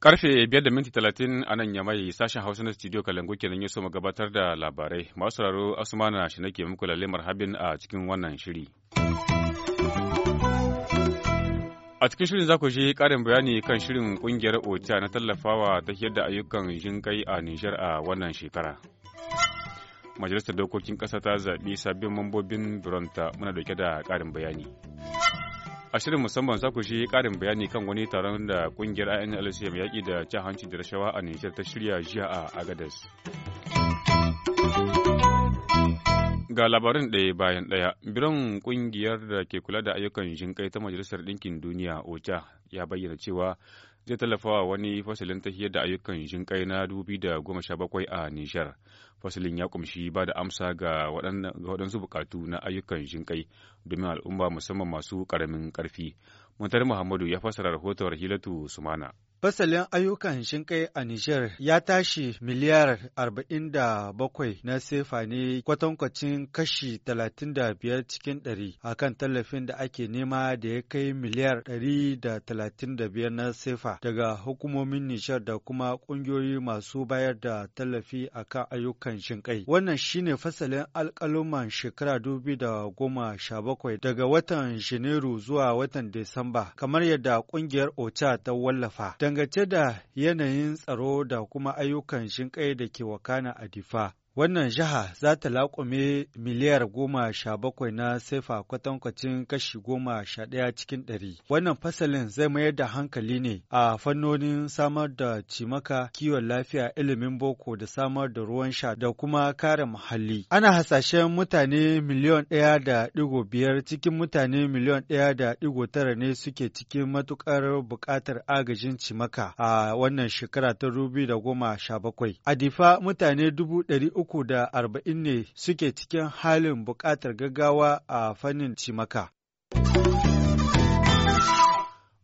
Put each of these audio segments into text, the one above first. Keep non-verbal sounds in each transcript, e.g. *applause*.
Karfe biyar da minti talatin a nan yamai sashen Hausa na studio Kalangu kenan ya so gabatar da labarai. Masu sauraro Asumana shi nake muku lalle marhabin a cikin wannan shiri. A cikin shirin za ku ji ƙarin bayani kan shirin ƙungiyar OCHA na tallafawa ta da ayyukan jinƙai a Nijar a wannan shekara. Majalisar Dokokin Ƙasa ta zaɓi sabbin mambobin Bironta muna dauke da ƙarin bayani. A shirin musamman za ku ji ƙarin bayani kan wani taron da ƙungiyar INLC mai yaƙi da cin hanci da rashawa a Nijar ta shirya jiya a agadas. Ga labarin ɗaya bayan ɗaya, biran ƙungiyar da ke kula da ayyukan jinƙai ta Majalisar Ɗinkin Duniya OCHA ya bayyana cewa zai tallafawa wani fasalin tahiyar da ayyukan jinƙai na goma sha bakwai a Nijar. fasilin ya kumshi ba da amsa ga waɗansu buƙatu na ayyukan jinƙai domin al'umma musamman masu ƙaramin ƙarfi. Muntar Muhammadu ya fassara rahoton hilatu Sumana. Fasalin ayyukan shinkai a Nijar ya tashi miliyar 47 na sefa ne kwatankwacin kashi 35 cikin 100 akan tallafin da ake nema da ya kai miliyar 135 na sefa daga hukumomin Nijar da kuma ƙungiyoyi masu bayar da tallafi a kan ayyukan shinkai. Wannan shine fasalin alkaluman shekara bakwai, daga watan Janairu zuwa watan Disamba kamar yadda ƙungiyar OCHA ta wallafa. dangance da yanayin tsaro da kuma ayyukan shinkai da ke wakana a Difa. Wannan jiha za ta laƙume miliyar goma sha bakwai na sefa kwatankwacin kashi goma sha ɗaya cikin ɗari. Wannan fasalin zai mayar da hankali ne a fannonin samar da cimaka, kiwon lafiya, ilimin boko da samar da ruwan sha da kuma kare muhalli. Ana hasashen mutane miliyon ɗaya da ɗigo biyar cikin mutane miliyon ɗaya da ɗigo tara ne suke cikin matuƙar buƙatar agajin cimaka a wannan shekara ta rubi da goma sha bakwai. A difa mutane dubu ɗari uku da arba'in ne suke cikin halin buƙatar gaggawa a fannin cimaka.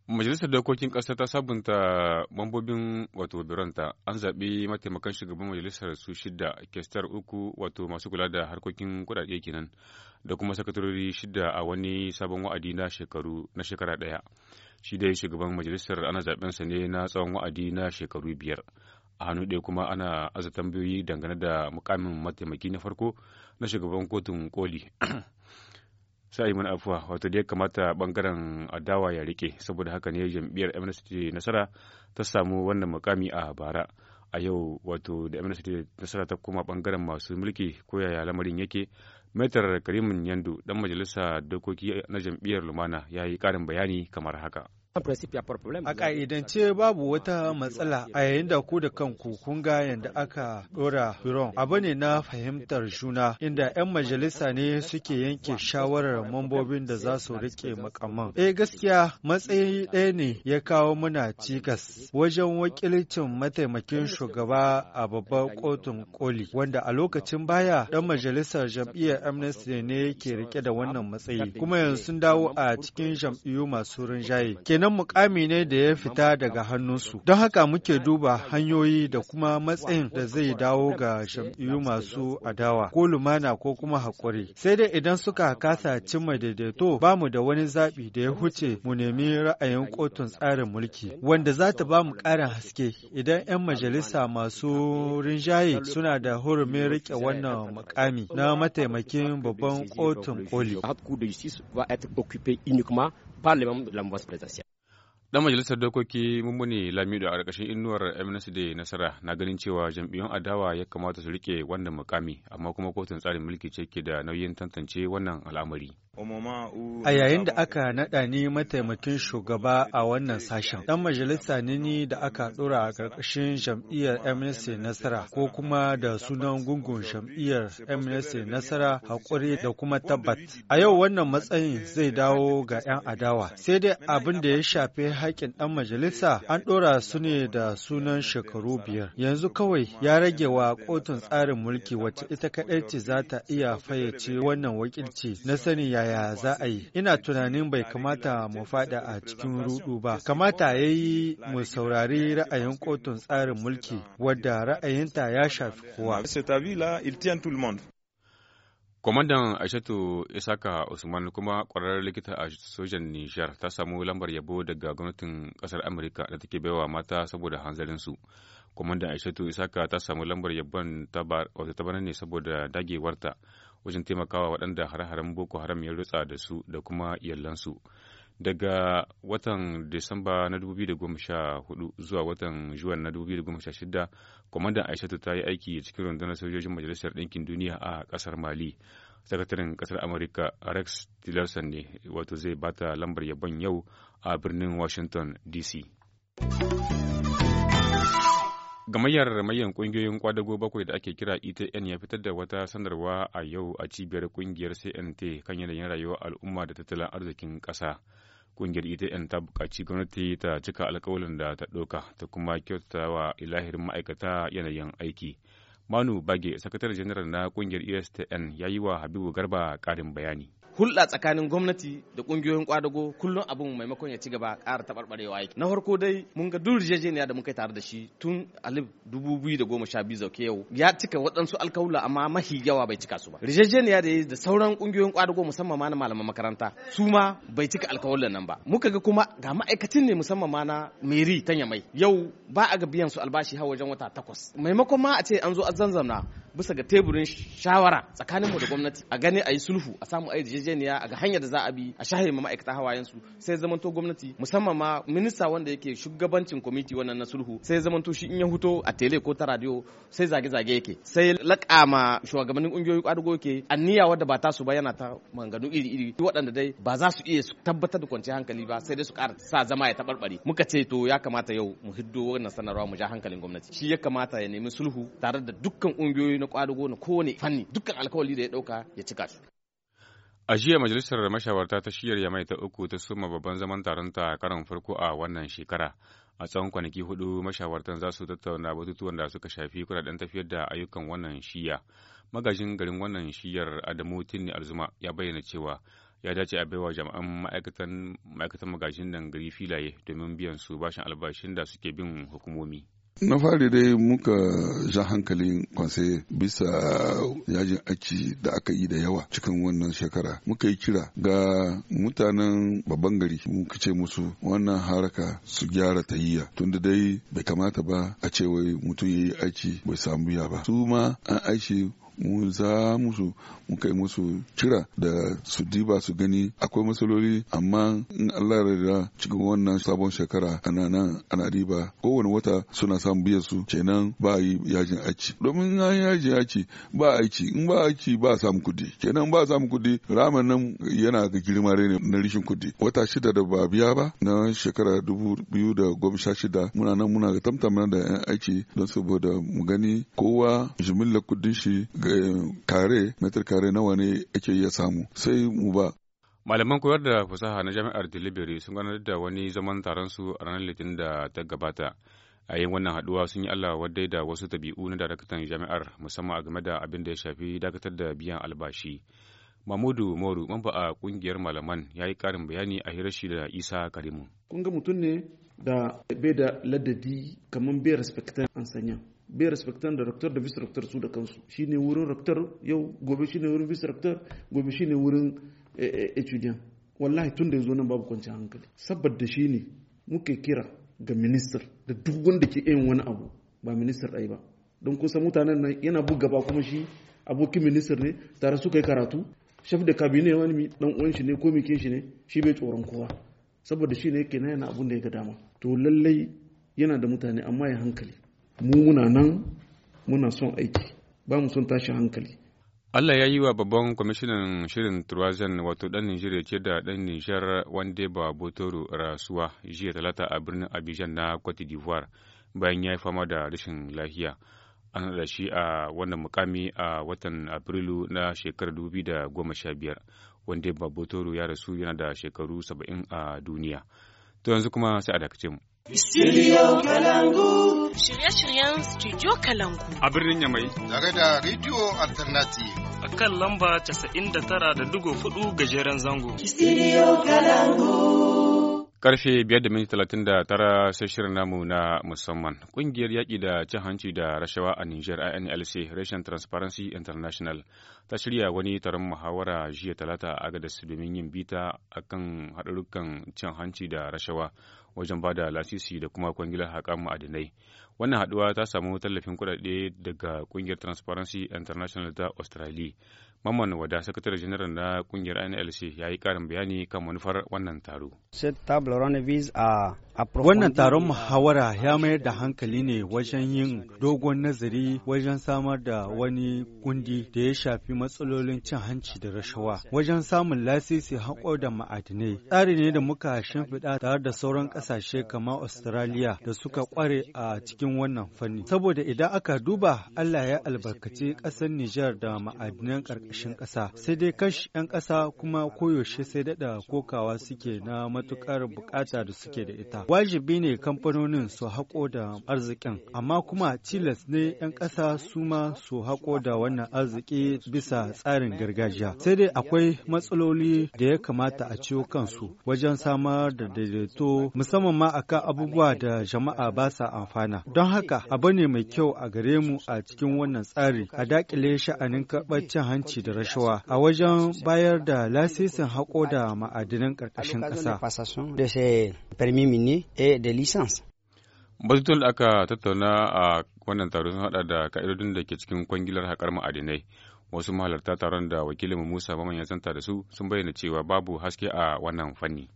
Majalisar Dokokin Ƙasa ta sabunta mambobin wato biranta an zaɓi mataimakan shugaban majalisar su shida kestar uku wato masu kula da harkokin kuɗaɗe kenan da kuma sakatarori shida a wani sabon wa'adi na shekaru na shekara ɗaya. Shi dai shugaban majalisar ana zaɓensa ne na tsawon wa'adi na shekaru biyar. a hannu ɗaya kuma ana aza tambayoyi dangane da mukamin mataimaki na farko na shugaban kotun koli *clears throat* sai mana afuwa wato da ya kamata bangaren adawa ya rike saboda haka ne jam'iyyar amnesty nasara ta samu wannan mukami a bara a yau wato da amnesty nasara ta koma bangaren masu mulki ko yaya lamarin yake metar karimin yandu dan majalisa dokoki na jam'iyyar lumana ya yi karin bayani kamar haka en principe ya a ƙa'idance babu wata matsala a yayin da ku da kanku kun ga yadda aka dora biron abu ne na fahimtar juna inda 'yan majalisa ne suke yanke shawarar mambobin da za su rike makaman eh gaskiya matsayi ɗaya ne ya kawo muna cikas wajen wakilcin mataimakin shugaba a babban kotun koli wanda a lokacin baya dan majalisar jam'iyyar amnesty ne yake rike da wannan matsayi kuma yanzu sun dawo a cikin jam'iyyu masu rinjaye kenan wannan mukami ne da ya fita daga hannunsu. Don haka muke duba hanyoyi da kuma matsayin da zai dawo ga jam'iyyu masu adawa ko lumana ko kuma haƙuri. Sai dai idan suka kasa cimma daidaito ba mu da wani zaɓi da ya huce mu nemi ra'ayin kotun tsarin mulki wanda za ta ba mu ƙarin haske idan 'yan majalisa masu rinjaye suna da hurumin riƙe wannan mukami na mataimakin babban kotun koli. par de la Dan majalisar dokoki mummuni Lamido a ƙarƙashin inuwar MNSD Nasara na ganin cewa jam'iyyun adawa ya kamata su rike wannan mukami amma kuma kotun tsarin mulki ce ke da nauyin tantance wannan al'amari. A yayin da aka naɗa ni mataimakin shugaba a wannan sashen, ɗan majalisa ne ni da aka ɗora a ƙarƙashin jam'iyyar MNC Nasara ko kuma da sunan gungun jam'iyyar MNC Nasara haƙuri da kuma tabbat. A yau wannan matsayin zai dawo ga 'yan adawa. Sai dai abin da ya shafi haƙƙin ɗan majalisa an ɗora su ne da sunan shekaru biyar. Yanzu kawai ya rage wa kotun tsarin mulki wacce ita kaɗai ce za ta iya fayyace wannan wakilci na sani ya yaya za a yi ina tunanin bai kamata mu fada a cikin rudu ba kamata ya yi mu saurari ra'ayin kotun tsarin mulki wadda ra'ayinta ya shafi kowa Kwamandan Aishatu Isaka Usman kuma kwararren likita a sojan Nijar ta samu lambar yabo daga gwamnatin kasar Amurka da take baiwa mata saboda hanzarinsu. Kwamandan Aishatu Isaka ta samu lambar yabon ta bana ne saboda dagewarta wajen taimakawa waɗanda hare-haren boko haram ya rutsa da su da kuma iyalansu daga watan disamba na 2014 zuwa watan juwan na 2016 kwamandan aishatu ta yi aiki cikin rundunar sojojin majalisar ɗinkin duniya a ƙasar mali sakataren ƙasar amurka rex tillerson ne wato zai bata lambar yabon yau a birnin washington dc Gamayyar mayan kungiyoyin kwadago bakwai da ake kira ETN ya fitar da wata sanarwa a yau a cibiyar kungiyar CNT kan yanayin rayuwar al'umma da tattalin arzikin ƙasa. Kungiyar ETN ta buƙaci gwamnati ta cika alkawalin da ta ɗauka ta kuma kyautata wa ilahir ma'aikata yanayin aiki. Manu Bage, sakataren janar na kungiyar ESTN ya yi wa Habibu Garba ƙarin bayani. hulɗa tsakanin gwamnati da ƙungiyoyin kwadago kullum abin maimakon ya ci gaba ƙara taɓarɓarewa yake na farko dai mun ga duk yarjejeniya da muka yi tare da shi tun alif dubu biyu da goma sha biyu zauke yau ya cika waɗansu alkawula amma mahi yawa bai cika su ba yarjejeniya da da sauran ƙungiyoyin kwadago musamman ma na malaman makaranta su ma bai cika alkawulan nan ba muka ga kuma ga ma'aikacin ne musamman ma na meri tanya mai yau ba a ga biyan su albashi har wajen wata takwas maimakon ma a ce an zo a zanzamna bisa ga teburin shawara tsakanin mu da gwamnati a gani a yi sulhu a samu ayi jejeniya a ga hanyar da za a bi a shahe ma ma'aikata hawayen su sai zamanto gwamnati musamman ma minista wanda yake shugabancin kwamiti wannan na sulhu sai zamanto shi in ya huto a tele ko ta radio sai zage-zage yake sai ma shugabannin kungiyoyi kwadugo yake anniya wadda ba ta su ba yana ta manganu iri-iri waɗanda dai ba za su iya tabbatar da kwanciyar hankali ba sai dai su ƙara sa zama ya taɓarɓare muka ce to ya kamata yau mu hiddo wannan sanarwa mu ja hankalin gwamnati shi ya kamata ya nemi sulhu tare da dukkan kungiyoyi na kwadugo na kowane fanni dukkan alkawali da ya dauka ya cika su A jiya majalisar mashawarta ta shiyar Yamai ta uku ta suma babban zaman taronta a karon farko a wannan shekara. A tsawon kwanaki hudu mashawartan za su tattauna batutuwan da suka shafi kudaden tafiyar da ayyukan wannan shiya. Magajin garin wannan shiyar Adamu Tinni Alzuma ya bayyana cewa ya dace a baiwa jami'an ma'aikatan magajin nan gari filaye domin biyan su bashin albashin da suke bin hukumomi. na fari dai muka ja hankalin kwanse bisa yajin aiki da aka yi da yawa cikin wannan shekara muka yi kira ga mutanen babban gari muka ce musu wannan haraka su gyara yi tunda dai bai kamata ba a ce wai mutum ya yi aiki bai samu ya ba su ma an aiki mu za musu mu kai musu cira da su diba su gani akwai matsaloli amma in Allah da cikin wannan sabon shekara ana nan ana riba kowane wata suna samun biyan su kenan ba yi yajin aiki domin an yajin aiki ba aiki in ba aiki ba samu kudi kenan ba samu kudi ramen nan yana ga girma ne na rishin kudi. wata shida da ba biya ba na shekara dubu biyu da goma sha shida muna nan muna ga tamtamana da yan aiki don saboda mu gani kowa jimillar kudin shi Eh, kare metar kare nawa ne ake iya samu sai mu ba malaman koyar da fasaha na jami'ar delivery sun gudanar da wani zaman taron su a ranar litinin da ta gabata a yin wannan haduwa sun yi allah wadai da wasu tabi'u na daraktan jami'ar musamman a game da abin da ya shafi dakatar da biyan albashi Mamudu Moru mamba a kungiyar malaman ya yi karin bayani a hirashi da Isa Karimu. Kun ga mutum ne da bai da ladadi kamar bai an sanya. bai respectant da rector da vice rector su da kansu shi ne wurin rector yau gobe shi ne wurin vice rector gobe shi ne wurin etudiant eh, eh, wallahi tun da ya zo nan babu kwanciyar hankali saboda shi ne muke kira ga minister da duk wanda ke yin wani abu ba minister ɗai ba don kusa mutanen nan yana buga ba kuma shi abokin minister ne tare su kai karatu shaf da kabine wani dan uwan shi ne ko mikin shi ne shi bai tsoron kowa saboda shi ne yake yana abun da ya ga dama to lallai yana da mutane amma ya hankali mu muna nan muna son aiki ba mu son tashin hankali Allah ya yi wa babban kwamishinan shirin turazan wato dan Nijeriya ce da dan Nijar wanda ba Botoro rasuwa jiya talata a birnin Abidjan na Cote d'Ivoire bayan ya yi fama da rashin lahiya An da shi a wannan mukami a watan Afrilu na shekarar 2015 da goma wanda ba Botoro ya rasu yana da shekaru saba'in a duniya. To yanzu kuma sai a dakace mu. Studio Kalangu. Shirye-shiryen Studio Kalangu. A birnin Yamai. Tare da Radio Alternative. A kan lamba 99.4 gajeren zango. Studio Kalangu. Karfe 5.39 sai shirin namu na musamman. Kungiyar yaƙi da cin hanci da rashawa a Nijar INLC Russian Transparency International ta shirya wani taron muhawara jiya talata a Agadas domin yin bita a kan haɗarukan cin hanci da rashawa. wajen ba da lasisi da kuma kwangilar haƙar ma'adinai Wannan haduwa ta samu tallafin kudade daga kungiyar Transparency International ta Australia. Mamman Wada, Sakatare Janar na kungiyar NLC, ya yi karin bayani kan manufar wannan taro. Wannan taron muhawara ya mayar da hankali ne wajen yin dogon nazari wajen samar da wani kundi da ya shafi matsalolin cin hanci da rashawa, wajen samun lasisi haƙo da ma'adinai. Tsari ne da muka shimfiɗa tare da sauran ƙasashe kamar Australia da suka kware a cikin cikin wannan fanni. Saboda idan aka duba Allah ya albarkaci ƙasar Nijar da ma'adinan ƙarƙashin ƙasa. Sai dai kashi 'yan ƙasa kuma koyaushe sai daɗa kokawa suke na matuƙar buƙata da suke da ita. Wajibi ne kamfanonin su haƙo da arzikin, amma kuma tilas ne 'yan ƙasa su ma su haƙo da wannan arziki bisa tsarin gargajiya. Sai dai akwai matsaloli da ya kamata a ciwo kansu wajen samar da daidaito musamman ma akan abubuwa da jama'a ba sa amfana. Don haka abu ne mai kyau a gare mu a cikin wannan tsari a dakile sha'anin karɓar cin hanci da rashawa a wajen bayar da lasisin haƙo da ma'adinan ƙarƙashin ƙasa. da aka tattauna a wannan taron sun hada da ka'idodin da ke cikin kwangilar haƙar ma'adinai. Wasu mahalarta taron da wakilin Musa Maman ya santa da su sun bayyana cewa babu haske a wannan fanni.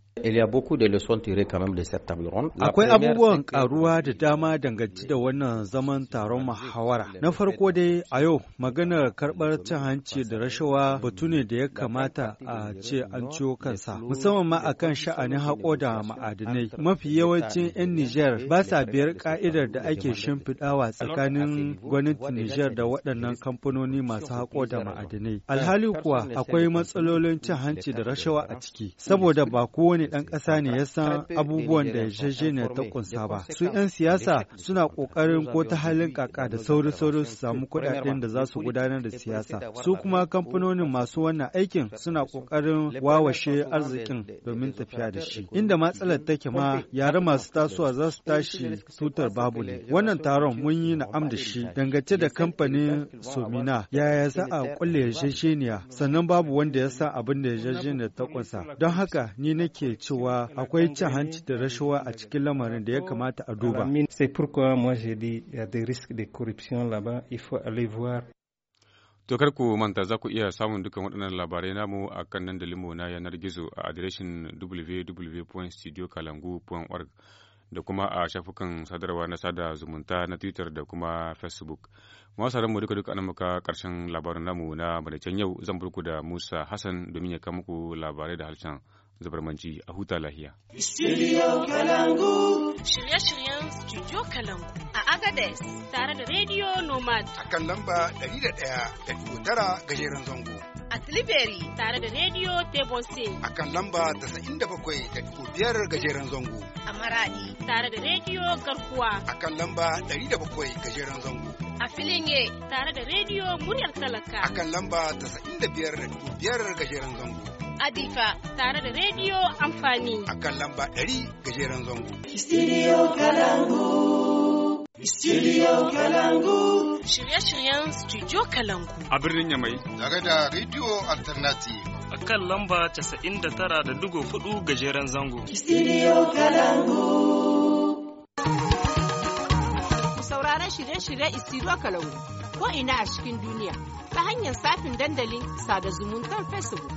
Akwai abubuwan karuwa da dama danganci da wannan zaman taron muhawara. Na farko dai a yau maganar karɓar cin hanci da rashawa batu ne da ya kamata a ce an ciwo kansa, musamman ma akan sha'anin haƙo da ma'adinai. Mafi yawancin 'yan Nijar ba sa biyar ka'idar da ake shimfiɗawa tsakanin gwamnatin Nijar da waɗannan kamfanoni masu haƙo da ma'adinai. Alhali kuwa akwai matsalolin cin hanci da rashawa a ciki, saboda ba kowane kowane ɗan ƙasa ne ya san abubuwan da yarjejeniyar ta kunsa ba. Su 'yan siyasa suna ƙoƙarin ko ta halin kaka da sauri-sauri su samu kuɗaɗen da za su gudanar da siyasa. Su kuma kamfanonin masu wannan aikin suna ƙoƙarin wawashe arzikin domin tafiya da shi. Inda matsalar take ma yare masu tasowa za su tashi tutar babu ne. Wannan taron mun yi na'am da shi dangance da kamfanin Somina yaya za a kulle yarjejeniya sannan babu wanda ya san abin da yarjejeniyar ta kunsa. Don haka ni nake ne cewa akwai cin hanci da rashawa a cikin lamarin da ya kamata a duba. To ku manta za ku iya samun dukkan waɗannan labarai namu a kan nan da limo na yanar gizo a adireshin www.studiokalangu.org da kuma a shafukan sadarwa na sada zumunta na Twitter da kuma Facebook. Masu mu duka duka an muka karshen labarin namu na madaicen yau zan burku da Musa Hassan domin ya kama muku labarai da harshen zabarmanci a huta lahiya. Studio Kalangu. Shirye-shiryen Studio Kalangu a Agadez tare da Radio Nomad. A kan lamba 101.9 gajeren zango. A Tilibiri tare da Radio Tebose. A kan lamba 97.5 gajeren zango. A Maradi tare da Radio Garkuwa. A kan lamba 107 gajeren zango. a filinge. tare da rediyo muryar talaka a kan lamba 95.5 gajeren zango Adifa tare da rediyo amfani. A kan lamba 100 gajeren zango. Studio Kalangu. Studio Kalangu. Shirye-shiryen Studio Kalangu. A birnin Yamai. Tare da Radio Alternative. A kan lamba 99.4 gajeren zango. Studio Kalangu. Sauraron shirye shiryen Studio Kalangu. Ko ina a cikin duniya ta hanyar safin dandalin sada zumuntar Facebook.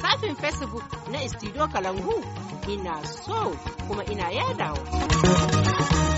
shafin Facebook na Istido Kalangu ina so kuma ina yadawa.